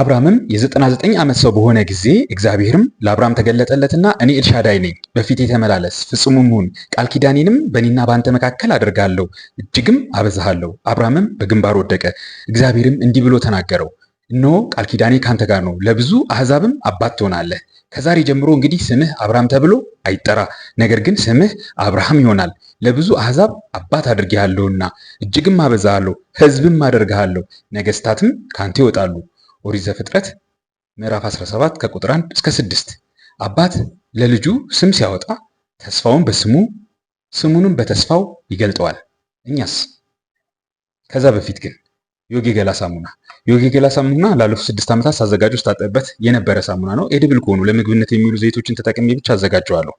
አብራምም የ99 ዓመት ሰው በሆነ ጊዜ እግዚአብሔርም ለአብራም ተገለጠለትና እኔ ኤልሻዳይ ነኝ፣ በፊት ተመላለስ ፍጹምም ሁን፣ ቃል ኪዳኔንም በእኔና በአንተ መካከል አድርጋለሁ፣ እጅግም አበዛሃለሁ። አብራምም በግንባር ወደቀ። እግዚአብሔርም እንዲህ ብሎ ተናገረው፣ እነሆ ቃል ኪዳኔ ካንተ ጋር ነው፣ ለብዙ አሕዛብም አባት ትሆናለህ። ከዛሬ ጀምሮ እንግዲህ ስምህ አብራም ተብሎ አይጠራ፣ ነገር ግን ስምህ አብርሃም ይሆናል። ለብዙ አሕዛብ አባት አድርጌሃለሁና እጅግም አበዛሃለሁ፣ ሕዝብም አደርግሃለሁ፣ ነገስታትም ካንተ ይወጣሉ ኦሪት ዘፍጥረት ምዕራፍ 17 ከቁጥር 1 እስከ 6 አባት ለልጁ ስም ሲያወጣ ተስፋውን በስሙ ስሙንም በተስፋው ይገልጠዋል። እኛስ? ከዛ በፊት ግን ዮጊ ገላ ሳሙና ዮጊ ገላ ሳሙና ላለፉት ስድስት ዓመታት ሳዘጋጀው ስታጠብበት የነበረ ሳሙና ነው። ኤድብል ከሆኑ ለምግብነት የሚውሉ ዘይቶችን ተጠቅሜ ብቻ አዘጋጀዋለሁ።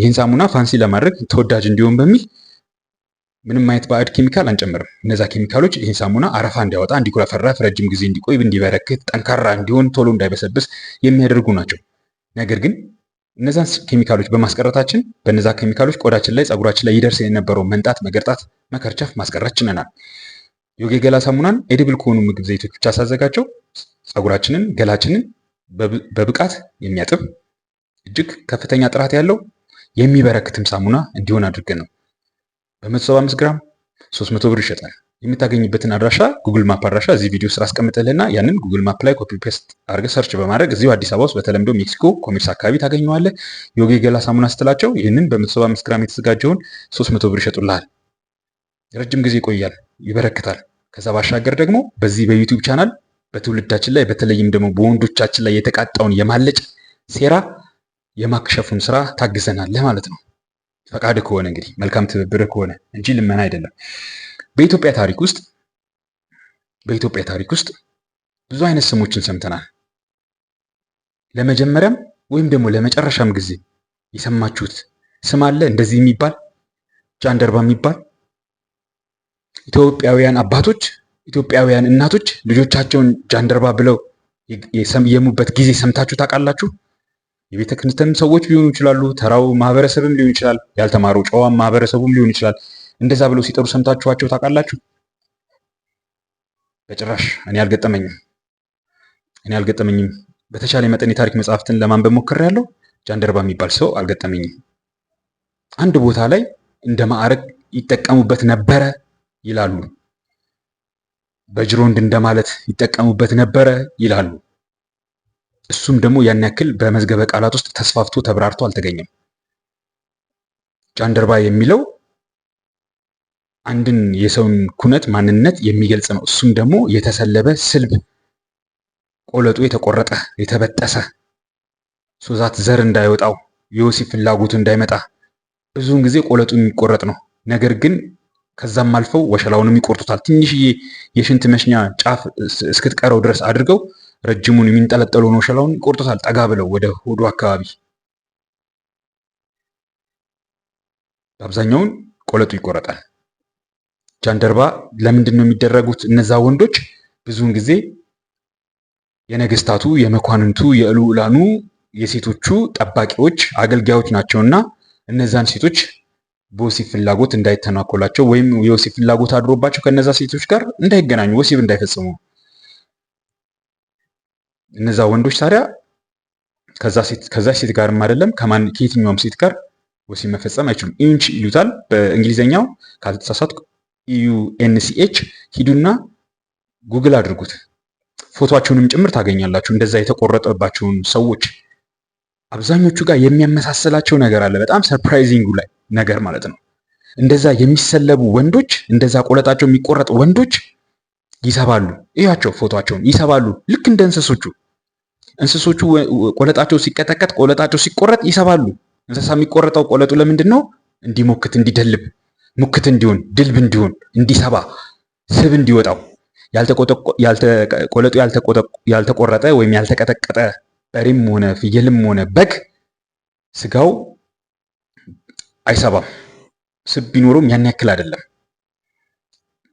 ይህን ሳሙና ፋንሲ ለማድረግ ተወዳጅ እንዲሆን በሚል ምንም አይነት ባዕድ ኬሚካል አንጨምርም። እነዛ ኬሚካሎች ይህን ሳሙና አረፋ እንዲያወጣ፣ እንዲኩረፈረፍ፣ ረጅም ጊዜ እንዲቆይ፣ እንዲበረክት፣ ጠንካራ እንዲሆን፣ ቶሎ እንዳይበሰብስ የሚያደርጉ ናቸው። ነገር ግን እነዛን ኬሚካሎች በማስቀረታችን በነዛ ኬሚካሎች ቆዳችን ላይ ጸጉራችን ላይ ይደርስ የነበረው መንጣት፣ መገርጣት፣ መከርቸፍ ማስቀረት ችለናል። ዮጊ ገላ ሳሙናን ኤድብል ከሆኑ ምግብ ዘይቶች ብቻ ሳዘጋጀው ጸጉራችንን፣ ገላችንን በብቃት የሚያጥብ እጅግ ከፍተኛ ጥራት ያለው የሚበረክትም ሳሙና እንዲሆን አድርገን ነው በ175 ግራም 300 ብር ይሸጣል። የምታገኝበትን አድራሻ ጉግል ማፕ አድራሻ እዚህ ቪዲዮ ስራ አስቀምጠልና ያንን ጉግል ማፕ ላይ ኮፒ ፔስት አድርገ ሰርች በማድረግ እዚሁ አዲስ አበባ ውስጥ በተለምዶ ሜክሲኮ ኮሜርስ አካባቢ ታገኘዋለህ። ዮጌ ገላ ሳሙና ስትላቸው ይህንን በ175 ግራም የተዘጋጀውን 300 ብር ይሸጡልሃል። ረጅም ጊዜ ይቆያል፣ ይበረክታል። ከዛ ባሻገር ደግሞ በዚህ በዩቲዩብ ቻናል በትውልዳችን ላይ በተለይም ደግሞ በወንዶቻችን ላይ የተቃጣውን የማለጭ ሴራ የማክሸፉን ስራ ታግዘናለህ ማለት ነው። ፈቃድ ከሆነ እንግዲህ መልካም ትብብር ከሆነ እንጂ ልመና አይደለም። በኢትዮጵያ ታሪክ ውስጥ በኢትዮጵያ ታሪክ ውስጥ ብዙ አይነት ስሞችን ሰምተናል። ለመጀመሪያም ወይም ደግሞ ለመጨረሻም ጊዜ የሰማችሁት ስም አለ እንደዚህ የሚባል ጃንደርባ የሚባል ኢትዮጵያውያን አባቶች ኢትዮጵያውያን እናቶች ልጆቻቸውን ጃንደርባ ብለው የሰየሙበት ጊዜ ሰምታችሁ ታውቃላችሁ? የቤተ ክርስቲያን ሰዎች ሊሆኑ ይችላሉ፣ ተራው ማህበረሰብም ሊሆን ይችላል፣ ያልተማረው ጨዋም ማህበረሰቡም ሊሆን ይችላል። እንደዛ ብለው ሲጠሩ ሰምታችኋቸው ታውቃላችሁ? በጭራሽ እኔ አልገጠመኝም፣ እኔ አልገጠመኝም። በተቻለ መጠን የታሪክ መጽሐፍትን ለማንበብ ሞክሬያለሁ። ጃንደረባ የሚባል ሰው አልገጠመኝም። አንድ ቦታ ላይ እንደ ማዕረግ ይጠቀሙበት ነበረ ይላሉ። በጅሮንድ እንደማለት ይጠቀሙበት ነበረ ይላሉ። እሱም ደግሞ ያን ያክል በመዝገበ ቃላት ውስጥ ተስፋፍቶ ተብራርቶ አልተገኘም። ጃንደርባ የሚለው አንድን የሰውን ኩነት ማንነት የሚገልጽ ነው። እሱም ደግሞ የተሰለበ ስልብ፣ ቆለጡ የተቆረጠ የተበጠሰ ሶዛት ዘር እንዳይወጣው የወሲብ ፍላጎቱ እንዳይመጣ ብዙውን ጊዜ ቆለጡ የሚቆረጥ ነው። ነገር ግን ከዛም አልፈው ወሸላውንም ይቆርጡታል። ትንሽዬ የሽንት መሽኛ ጫፍ እስክትቀረው ድረስ አድርገው ረጅሙን የሚንጠለጠለው ነው ሸላውን ይቆርጡታል። ጠጋ ብለው ወደ ሆዱ አካባቢ አብዛኛውን ቆለጡ ይቆረጣል። ጃንደርባ ለምንድን ነው የሚደረጉት? እነዛ ወንዶች ብዙውን ጊዜ የነገስታቱ፣ የመኳንንቱ፣ የልዑላኑ የሴቶቹ ጠባቂዎች፣ አገልጋዮች ናቸውና እነዛን ሴቶች በወሲብ ፍላጎት እንዳይተናኮላቸው ወይም የወሲብ ፍላጎት አድሮባቸው ከነዛ ሴቶች ጋር እንዳይገናኙ ወሲብ እንዳይፈጽሙ እነዛ ወንዶች ታዲያ ከዛች ሴት ጋርም አይደለም ከየትኛውም ሴት ጋር ወሲብ መፈጸም አይችሉም። ኢንች ይሉታል በእንግሊዝኛው። ካልተሳሳትኩ ኢዩ ኤንሲኤች ሂዱና ጉግል አድርጉት። ፎቶቸውንም ጭምር ታገኛላችሁ። እንደዛ የተቆረጠባቸውን ሰዎች አብዛኞቹ ጋር የሚያመሳሰላቸው ነገር አለ። በጣም ሰርፕራይዚንጉ ላይ ነገር ማለት ነው። እንደዛ የሚሰለቡ ወንዶች፣ እንደዛ ቆለጣቸው የሚቆረጥ ወንዶች ይሰባሉ። እያቸው ፎቶቸውን ይሰባሉ፣ ልክ እንደ እንስሶቹ እንስሶቹ ቆለጣቸው ሲቀጠቀጥ ቆለጣቸው ሲቆረጥ ይሰባሉ። እንስሳ የሚቆረጠው ቆለጡ ለምንድን ነው? እንዲሞክት እንዲደልብ፣ ሙክት እንዲሆን፣ ድልብ እንዲሆን፣ እንዲሰባ፣ ስብ እንዲወጣው። ቆለጡ ያልተቆረጠ ወይም ያልተቀጠቀጠ በሬም ሆነ ፍየልም ሆነ በግ ስጋው አይሰባም። ስብ ቢኖረውም ያን ያክል አይደለም።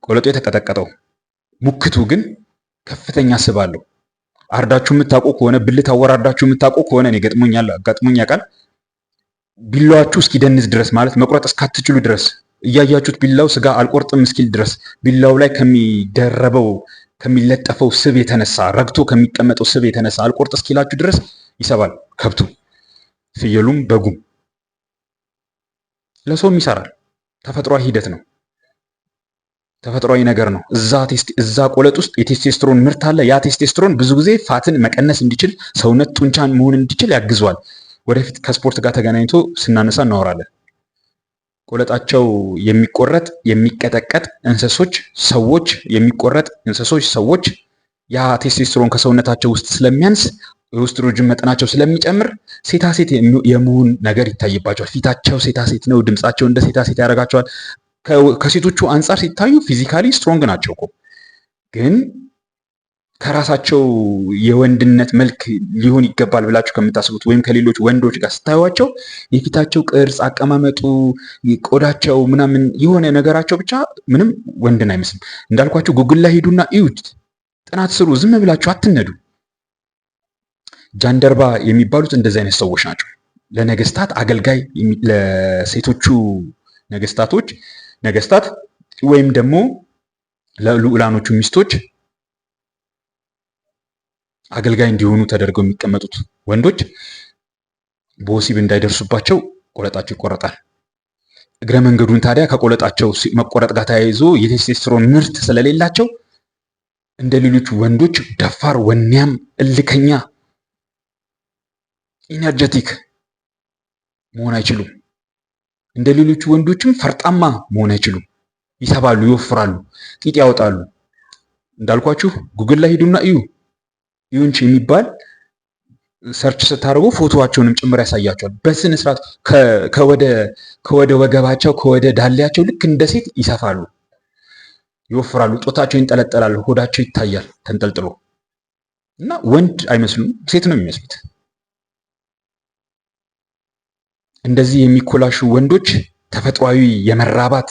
ቆለጡ የተቀጠቀጠው ሙክቱ ግን ከፍተኛ ስብ አለው። አርዳችሁ የምታውቁ ከሆነ ብልት አወራርዳችሁ የምታውቁ ከሆነ እኔ ገጥሞኛል፣ አጋጥሞኝ ቃል ቢላዋችሁ እስኪደንዝ ድረስ ማለት መቁረጥ እስካትችሉ ድረስ እያያችሁት ቢላው ስጋ አልቆርጥም እስኪል ድረስ ቢላው ላይ ከሚደረበው ከሚለጠፈው ስብ የተነሳ ረግቶ ከሚቀመጠው ስብ የተነሳ አልቆርጥ እስኪላችሁ ድረስ ይሰባል። ከብቱ፣ ፍየሉም፣ በጉም ለሰውም ይሰራል። ተፈጥሯዊ ሂደት ነው። ተፈጥሯዊ ነገር ነው። እዛ ቆለጥ ውስጥ የቴስቴስትሮን ምርት አለ። ያ ቴስቴስትሮን ብዙ ጊዜ ፋትን መቀነስ እንዲችል፣ ሰውነት ጡንቻን መሆን እንዲችል ያግዟል። ወደፊት ከስፖርት ጋር ተገናኝቶ ስናነሳ እናወራለን። ቆለጣቸው የሚቆረጥ የሚቀጠቀጥ እንስሶች ሰዎች የሚቆረጥ እንስሶች ሰዎች ያ ቴስቴስትሮን ከሰውነታቸው ውስጥ ስለሚያንስ የኦስትሮጅን መጠናቸው ስለሚጨምር ሴታሴት የመሆን ነገር ይታይባቸዋል። ፊታቸው ሴታሴት ነው። ድምፃቸው እንደ ሴታሴት ያደርጋቸዋል። ከሴቶቹ አንጻር ሲታዩ ፊዚካሊ ስትሮንግ ናቸው እኮ ግን ከራሳቸው የወንድነት መልክ ሊሆን ይገባል ብላችሁ ከምታስቡት ወይም ከሌሎች ወንዶች ጋር ስታዩቸው የፊታቸው ቅርጽ፣ አቀማመጡ፣ ቆዳቸው ምናምን የሆነ ነገራቸው ብቻ ምንም ወንድን አይመስልም። እንዳልኳቸው ጉግል ላይ ሂዱና እዩት፣ ጥናት ስሩ። ዝም ብላችሁ አትነዱ። ጃንደርባ የሚባሉት እንደዚህ አይነት ሰዎች ናቸው። ለነገስታት አገልጋይ፣ ለሴቶቹ ነገስታቶች ነገስታት ወይም ደግሞ ለልዑላኖቹ ሚስቶች አገልጋይ እንዲሆኑ ተደርገው የሚቀመጡት ወንዶች በወሲብ እንዳይደርሱባቸው ቆለጣቸው ይቆረጣል። እግረ መንገዱን ታዲያ ከቆለጣቸው መቆረጥ ጋር ተያይዞ የቴስቴስትሮን ምርት ስለሌላቸው እንደ ሌሎች ወንዶች ደፋር፣ ወኔያም፣ እልከኛ ኢነርጀቲክ መሆን አይችሉም። እንደ ሌሎቹ ወንዶችም ፈርጣማ መሆን አይችሉም። ይሰባሉ፣ ይወፍራሉ፣ ቂጥ ያወጣሉ። እንዳልኳችሁ ጉግል ላይ ሂዱና እዩ። ዩንች የሚባል ሰርች ስታደርጉ ፎቶዋቸውንም ጭምር ያሳያቸዋል። በስነ ስርዓት ከወደ ወገባቸው ከወደ ዳሌያቸው ልክ እንደ ሴት ይሰፋሉ፣ ይወፍራሉ፣ ጦታቸው ይንጠለጠላል፣ ሆዳቸው ይታያል ተንጠልጥሎ እና ወንድ አይመስሉም፣ ሴት ነው የሚመስሉት። እንደዚህ የሚኮላሹ ወንዶች ተፈጥሯዊ የመራባት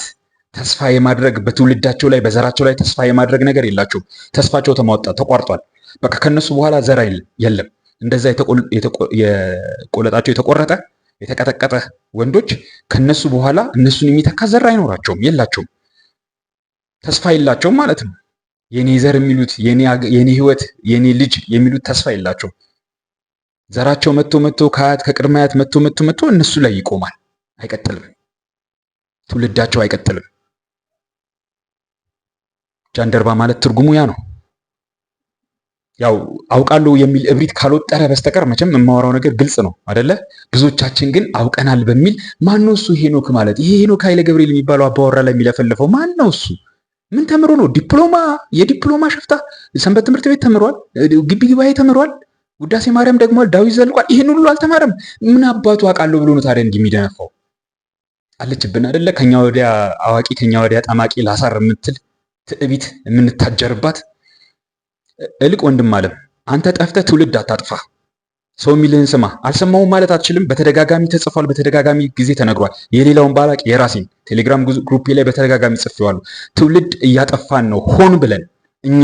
ተስፋ የማድረግ በትውልዳቸው ላይ በዘራቸው ላይ ተስፋ የማድረግ ነገር የላቸው። ተስፋቸው ተሟጣ ተቋርጧል። በቃ ከነሱ በኋላ ዘር የለም። እንደዛ የቆለጣቸው የተቆረጠ የተቀጠቀጠ ወንዶች ከነሱ በኋላ እነሱን የሚተካ ዘር አይኖራቸውም፣ የላቸውም፣ ተስፋ የላቸውም ማለት ነው። የኔ ዘር የሚሉት የኔ ህይወት የኔ ልጅ የሚሉት ተስፋ የላቸውም። ዘራቸው መቶ መቶ ከአያት ከቅድመ አያት መቶ መቶ መቶ እነሱ ላይ ይቆማል፣ አይቀጥልም፣ ትውልዳቸው አይቀጥልም። ጃንደርባ ማለት ትርጉሙ ያ ነው። ያው አውቃለሁ የሚል እብሪት ካልወጠረ በስተቀር መቼም የማወራው ነገር ግልጽ ነው አደለ? ብዙዎቻችን ግን አውቀናል በሚል ማነው እሱ ሄኖክ ማለት ይሄ ሄኖክ ኃይለ ገብርኤል የሚባለው አባወራ ላይ የሚለፈልፈው ነው እሱ? ምን ተምሮ ነው? ዲፕሎማ የዲፕሎማ ሸፍታ ሰንበት ትምህርት ቤት ተምሯል፣ ግቢ ተምሯል። ውዳሴ ማርያም ደግሞ ዳዊት ዘልቋል። ይህን ሁሉ አልተማረም። ምን አባቱ አውቃለሁ ብሎ ነው ታዲያ እንዲህ የሚደነፋው? አለችብን አደለ? ከኛ ወዲያ አዋቂ ከኛ ወዲያ ጠማቂ ላሳር የምትል ትዕቢት የምንታጀርባት እልቅ ወንድም አለም አንተ ጠፍተህ ትውልድ አታጥፋ። ሰው የሚልህን ስማ። አልሰማውም ማለት አትችልም። በተደጋጋሚ ተጽፏል፣ በተደጋጋሚ ጊዜ ተነግሯል። የሌላውን ባላቅ የራሴን ቴሌግራም ግሩፕ ላይ በተደጋጋሚ ጽፌዋለሁ። ትውልድ እያጠፋን ነው ሆን ብለን እኛ።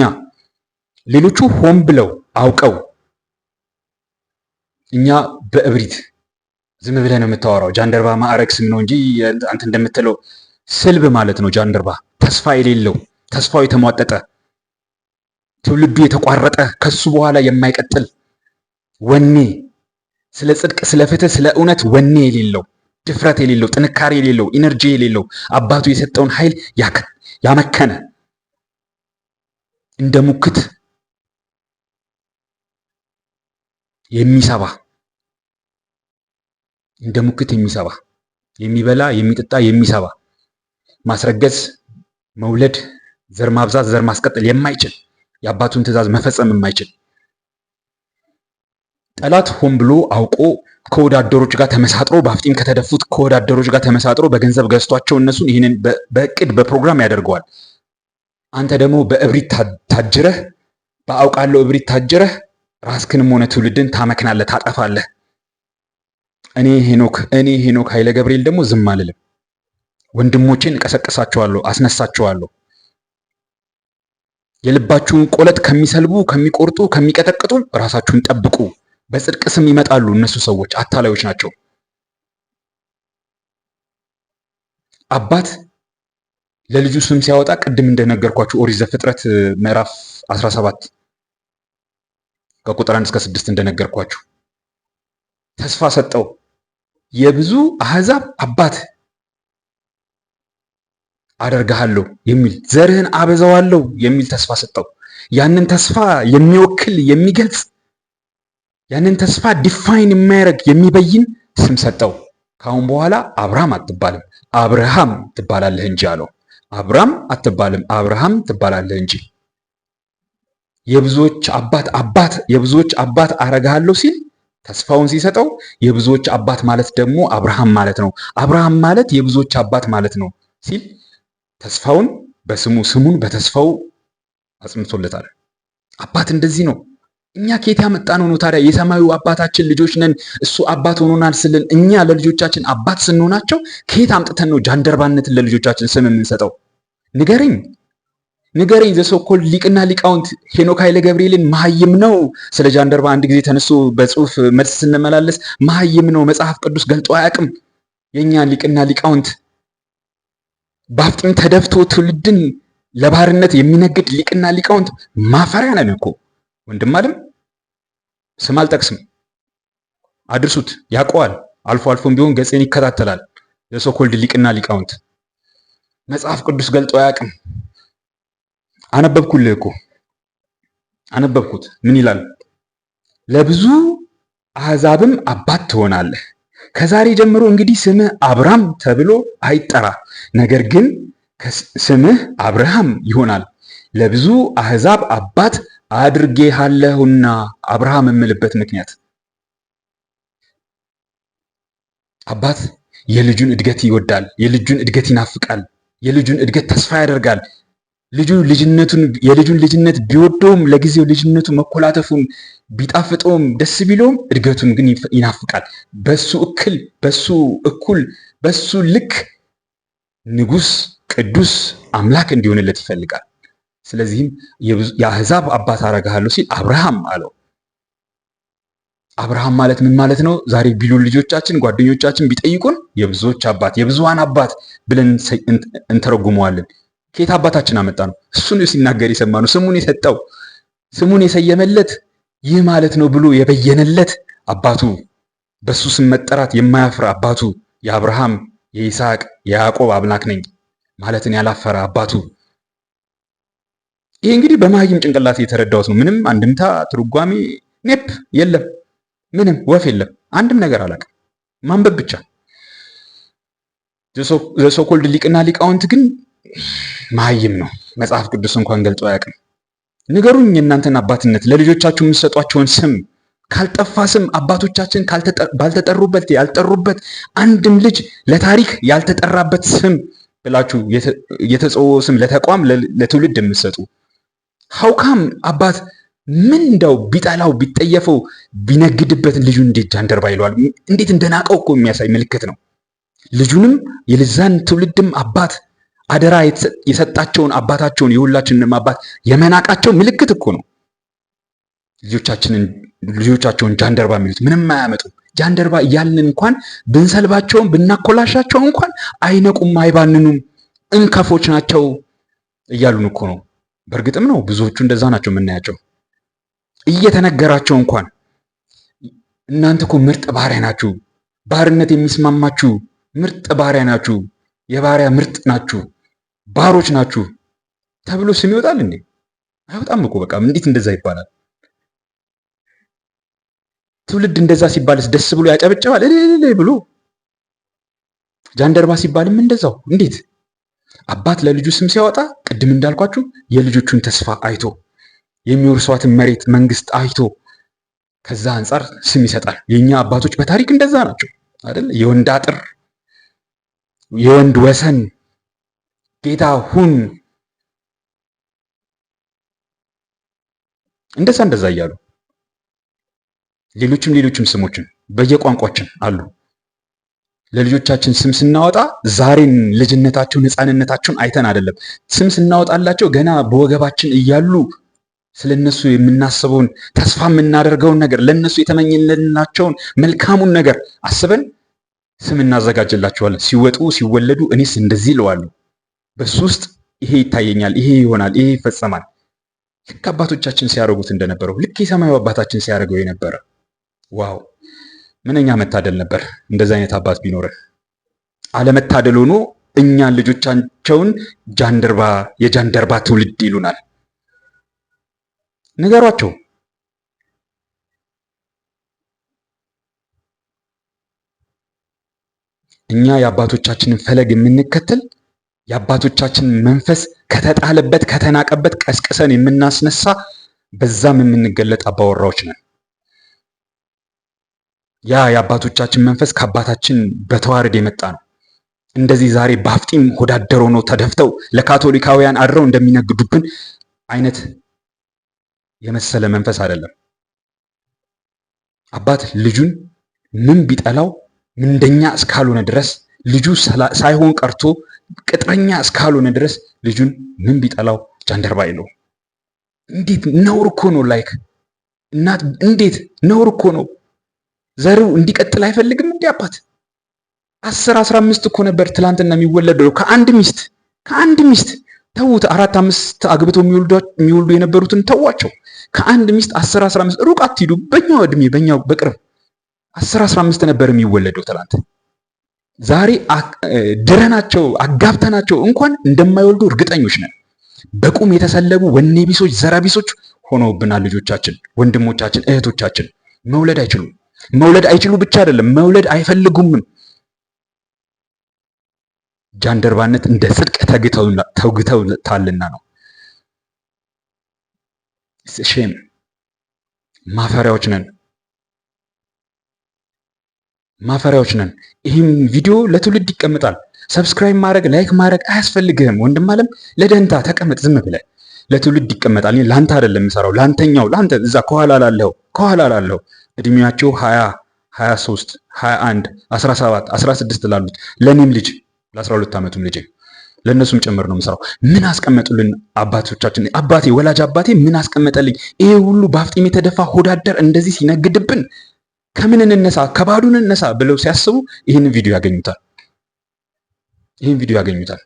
ሌሎቹ ሆን ብለው አውቀው እኛ በእብሪት ዝም ብለህ ነው የምታወራው። ጃንደርባ ስም ነው እንጂ አንተ እንደምትለው ስልብ ማለት ነው። ጃንደርባ ተስፋ የሌለው ተስፋው የተሟጠጠ ትውልዱ የተቋረጠ ከሱ በኋላ የማይቀጥል ወኔ፣ ስለ ጽድቅ፣ ስለ ፍትህ፣ ስለ እውነት ወኔ የሌለው ድፍረት የሌለው ጥንካሬ የሌለው ኢነርጂ የሌለው አባቱ የሰጠውን ኃይል ያመከነ እንደ ሙክት የሚሰባ እንደ ሙክት የሚሰባ የሚበላ የሚጠጣ የሚሰባ ማስረገዝ፣ መውለድ፣ ዘር ማብዛት፣ ዘር ማስቀጠል የማይችል የአባቱን ትዕዛዝ መፈጸም የማይችል ጠላት ሆን ብሎ አውቆ ከወዳደሮች ጋር ተመሳጥሮ በአፍጢም ከተደፉት ከወዳደሮች ጋር ተመሳጥሮ በገንዘብ ገዝቷቸው እነሱን ይህንን በእቅድ በፕሮግራም ያደርገዋል። አንተ ደግሞ በእብሪት ታጅረህ በአውቃለሁ እብሪት ታጅረህ ራስክንም ሆነ ትውልድን ታመክናለህ፣ ታጠፋለህ። እኔ ሄኖክ እኔ ሄኖክ ኃይለ ገብርኤል ደግሞ ዝም አልልም። ወንድሞቼን እቀሰቀሳቸዋለሁ፣ አስነሳቸዋለሁ። የልባችሁን ቆለት ከሚሰልቡ ከሚቆርጡ፣ ከሚቀጠቅጡ ራሳችሁን ጠብቁ። በጽድቅ ስም ይመጣሉ። እነሱ ሰዎች አታላዮች ናቸው። አባት ለልጁ ስም ሲያወጣ ቅድም እንደነገርኳችሁ ኦሪት ዘፍጥረት ምዕራፍ 17 ከቁጥር አንድ እስከ ስድስት እንደነገርኳችሁ ተስፋ ሰጠው። የብዙ አሕዛብ አባት አደርግሃለሁ የሚል ዘርህን አበዛዋለሁ የሚል ተስፋ ሰጠው። ያንን ተስፋ የሚወክል የሚገልጽ ያንን ተስፋ ዲፋይን የሚያደርግ የሚበይን ስም ሰጠው። ከአሁን በኋላ አብርሃም አትባልም አብርሃም ትባላለህ እንጂ አለው። አብርሃም አትባልም አብርሃም ትባላለህ እንጂ የብዙዎች አባት አባት የብዙዎች አባት አረግሃለሁ ሲል ተስፋውን ሲሰጠው የብዙዎች አባት ማለት ደግሞ አብርሃም ማለት ነው። አብርሃም ማለት የብዙዎች አባት ማለት ነው ሲል ተስፋውን በስሙ ስሙን በተስፋው አጽንቶለታል። አባት እንደዚህ ነው። እኛ ከየት ያመጣነው ነው ታዲያ? የሰማዩ አባታችን ልጆች ነን። እሱ አባት ሆኖናል ስልን እኛ ለልጆቻችን አባት ስንሆናቸው ከየት አምጥተን ነው ጃንደርባነትን ለልጆቻችን ስም የምንሰጠው? ንገርኝ ንገረኝ ዘሶኮል ሊቅና ሊቃውንት ሄኖክ ኃይለ ገብርኤልን መሀይም ነው። ስለ ጃንደርባ አንድ ጊዜ ተነሶ በጽሁፍ መልስ ስንመላለስ መሀይም ነው፣ መጽሐፍ ቅዱስ ገልጦ አያውቅም። የእኛን ሊቅና ሊቃውንት በአፍጢም ተደፍቶ ትውልድን ለባርነት የሚነግድ ሊቅና ሊቃውንት ማፈሪያ ነን እኮ ወንድም አለም። ስም አልጠቅስም፣ አድርሱት፣ ያውቀዋል። አልፎ አልፎም ቢሆን ገጽን ይከታተላል። ዘሶኮልድ ሊቅና ሊቃውንት መጽሐፍ ቅዱስ ገልጦ አያውቅም። አነበብኩልህ እኮ አነበብኩት። ምን ይላል? ለብዙ አሕዛብም አባት ትሆናለህ። ከዛሬ ጀምሮ እንግዲህ ስምህ አብራም ተብሎ አይጠራ፣ ነገር ግን ስምህ አብርሃም ይሆናል። ለብዙ አሕዛብ አባት አድርጌሃለሁና አብርሃም የምልበት ምክንያት አባት የልጁን እድገት ይወዳል። የልጁን እድገት ይናፍቃል። የልጁን እድገት ተስፋ ያደርጋል። ልጁ ልጅነቱን የልጁን ልጅነት ቢወደውም ለጊዜው ልጅነቱ መኮላተፉን ቢጣፍጠውም ደስ ቢለውም እድገቱን ግን ይናፍቃል። በሱ እክል በሱ እኩል በሱ ልክ ንጉስ ቅዱስ አምላክ እንዲሆንለት ይፈልጋል። ስለዚህም የአህዛብ አባት አረግሃለሁ ሲል አብርሃም አለው። አብርሃም ማለት ምን ማለት ነው? ዛሬ ቢሉ ልጆቻችን ጓደኞቻችን ቢጠይቁን የብዙዎች አባት የብዙሃን አባት ብለን እንተረጉመዋለን። ከየት አባታችን አመጣ ነው? እሱን ሲናገር የሰማ ነው። ስሙን የሰጠው ስሙን የሰየመለት ይህ ማለት ነው ብሎ የበየነለት አባቱ በእሱ ስም መጠራት የማያፍር አባቱ የአብርሃም የይስሐቅ የያዕቆብ አምላክ ነኝ ማለትን ያላፈረ አባቱ። ይህ እንግዲህ በማህይም ጭንቅላት የተረዳሁት ነው። ምንም አንድምታ ትርጓሜ ኔፕ የለም፣ ምንም ወፍ የለም። አንድም ነገር አላቅም። ማንበብ ብቻ። ዘሶኮልድ ሊቅና ሊቃውንት ግን መሀይም ነው። መጽሐፍ ቅዱስ እንኳን ገልጦ አያውቅም። ንገሩኝ የእናንተን አባትነት ለልጆቻችሁ የምትሰጧቸውን ስም ካልጠፋ ስም አባቶቻችን ባልተጠሩበት ያልጠሩበት አንድም ልጅ ለታሪክ ያልተጠራበት ስም ብላችሁ የተጸውዖ ስም ለተቋም ለትውልድ የምትሰጡ ሀውካም አባት ምን እንደው ቢጠላው ቢጠየፈው ቢነግድበት ልጁን እንዴት ጃንደርባ ይለዋል? እንዴት እንደናቀው እኮ የሚያሳይ ምልክት ነው። ልጁንም የልዛን ትውልድም አባት አደራ የሰጣቸውን አባታቸውን የሁላችንንም አባት የመናቃቸው ምልክት እኮ ነው። ልጆቻችንን ልጆቻቸውን ጃንደርባ የሚሉት ምንም አያመጡም። ጃንደርባ እያልን እንኳን ብንሰልባቸውም ብናኮላሻቸው እንኳን አይነቁም፣ አይባንኑም፣ እንከፎች ናቸው እያሉን እኮ ነው። በእርግጥም ነው ብዙዎቹ እንደዛ ናቸው የምናያቸው። እየተነገራቸው እንኳን እናንተ እኮ ምርጥ ባሪያ ናችሁ፣ ባርነት የሚስማማችሁ ምርጥ ባሪያ ናችሁ፣ የባሪያ ምርጥ ናችሁ ባሮች ናችሁ ተብሎ ስም ይወጣል እንዴ? አይወጣም እኮ በቃ። እንዴት እንደዛ ይባላል? ትውልድ እንደዛ ሲባልስ ደስ ብሎ ያጨበጭባል እልል ብሎ። ጃንደርባ ሲባልም እንደዛው። እንዴት አባት ለልጁ ስም ሲያወጣ፣ ቅድም እንዳልኳችሁ የልጆቹን ተስፋ አይቶ የሚወርሷትን መሬት መንግስት አይቶ ከዛ አንጻር ስም ይሰጣል። የእኛ አባቶች በታሪክ እንደዛ ናቸው አይደል? የወንድ አጥር የወንድ ወሰን ጌታ ሁን እንደዛ እንደዛ እያሉ ሌሎችም ሌሎችም ስሞችን በየቋንቋችን አሉ። ለልጆቻችን ስም ስናወጣ ዛሬን ልጅነታቸውን ሕፃንነታቸውን አይተን አይደለም። ስም ስናወጣላቸው ገና በወገባችን እያሉ ስለነሱ የምናስበውን ተስፋ የምናደርገውን ነገር ለነሱ የተመኘንላቸውን መልካሙን ነገር አስበን ስም እናዘጋጅላቸዋለን። ሲወጡ ሲወለዱ እኔስ እንደዚህ እለዋለሁ በሱ ውስጥ ይሄ ይታየኛል፣ ይሄ ይሆናል፣ ይሄ ይፈጸማል። ልክ አባቶቻችን ሲያደርጉት እንደነበረው ልክ የሰማዩ አባታችን ሲያደርገው የነበረ ዋው! ምንኛ መታደል ነበር እንደዚህ አይነት አባት ቢኖርህ። አለመታደል ሆኖ እኛን ልጆቻቸውን ጃንደርባ የጃንደርባ ትውልድ ይሉናል። ንገሯቸው። እኛ የአባቶቻችንን ፈለግ የምንከተል የአባቶቻችን መንፈስ ከተጣለበት ከተናቀበት ቀስቅሰን የምናስነሳ በዛም የምንገለጥ አባወራዎች ነን። ያ የአባቶቻችን መንፈስ ከአባታችን በተዋረድ የመጣ ነው። እንደዚህ ዛሬ በአፍጢም ሆዳደሮ ነው ተደፍተው ለካቶሊካውያን አድረው እንደሚነግዱብን አይነት የመሰለ መንፈስ አይደለም። አባት ልጁን ምን ቢጠላው ምንደኛ እስካልሆነ ድረስ ልጁ ሳይሆን ቀርቶ ቅጥረኛ እስካልሆነ ድረስ ልጁን ምን ቢጠላው ጃንደርባ የለውም። እንዴት ነውር እኮ ነው። ላይክ እናት እንዴት ነውር እኮ ነው። ዘርው እንዲቀጥል አይፈልግም። እንዲ አባት አስር አስራ አምስት እኮ ነበር ትላንትና የሚወለደው ከአንድ ሚስት ከአንድ ሚስት ተዉት። አራት አምስት አግብተው የሚወልዱ የነበሩትን ተዋቸው። ከአንድ ሚስት አስር አስራ አምስት ሩቅ አትሂዱ። በኛው እድሜ በኛው በቅርብ አስር አስራ አምስት ነበር የሚወለደው ትላንት ዛሬ ድረናቸው አጋብተናቸው እንኳን እንደማይወልዱ እርግጠኞች ነን። በቁም የተሰለቡ ወኔ ቢሶች፣ ዘራ ቢሶች ሆነውብናል። ልጆቻችን፣ ወንድሞቻችን፣ እህቶቻችን መውለድ አይችሉም። መውለድ አይችሉ ብቻ አይደለም መውለድ አይፈልጉምም። ጃንደርባነት እንደ ጽድቅ ተውግተውታልና ነው። ሼም ማፈሪያዎች ነን። ማፈሪያዎች ነን። ይህም ቪዲዮ ለትውልድ ይቀመጣል። ሰብስክራይብ ማድረግ ላይክ ማድረግ አያስፈልግህም። ወንድም አለም ለደንታ ተቀመጥ፣ ዝም ብለህ ለትውልድ ይቀመጣል። እኔ ለአንተ አይደለም የምሰራው፣ ለአንተኛው፣ ለአንተ እዛ ከኋላ ላለው ከኋላ ላለው እድሜያቸው ሀያ ሀያ ሶስት ሀያ አንድ አስራ ሰባት አስራ ስድስት ላሉት ለእኔም ልጅ ለአስራ ሁለት ዓመቱም ልጅ ለእነሱም ጭምር ነው የምሰራው። ምን አስቀመጡልን አባቶቻችን? አባቴ ወላጅ አባቴ ምን አስቀመጠልኝ? ይሄ ሁሉ በአፍጢም የተደፋ ሆዳደር እንደዚህ ሲነግድብን ከምን እንነሳ፣ ከባዱ እንነሳ ብለው ሲያስቡ ይህንን ቪዲዮ ያገኙታል። ይህን ቪዲዮ ያገኙታል።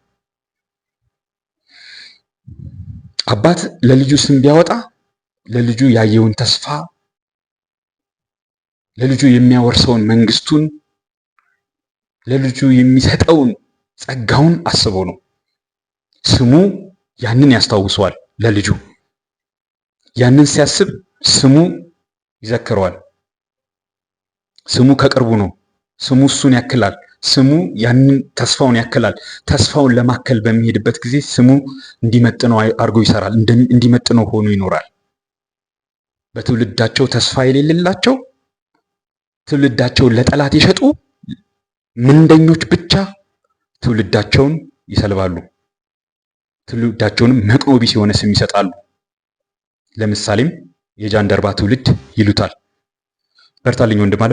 አባት ለልጁ ስም ቢያወጣ ለልጁ ያየውን ተስፋ ለልጁ የሚያወርሰውን መንግስቱን ለልጁ የሚሰጠውን ጸጋውን አስቦ ነው። ስሙ ያንን ያስታውሰዋል። ለልጁ ያንን ሲያስብ ስሙ ይዘክረዋል። ስሙ ከቅርቡ ነው። ስሙ እሱን ያክላል። ስሙ ያንን ተስፋውን ያክላል። ተስፋውን ለማከል በሚሄድበት ጊዜ ስሙ እንዲመጥነው አድርጎ ይሰራል። እንዲመጥነው ሆኖ ይኖራል። በትውልዳቸው ተስፋ የሌለላቸው ትውልዳቸውን ለጠላት የሸጡ ምንደኞች ብቻ ትውልዳቸውን ይሰልባሉ። ትውልዳቸውንም መቅኖቢስ የሆነ ስም ይሰጣሉ። ለምሳሌም የጃንደርባ ትውልድ ይሉታል። በርታልኝ ወንድም አለ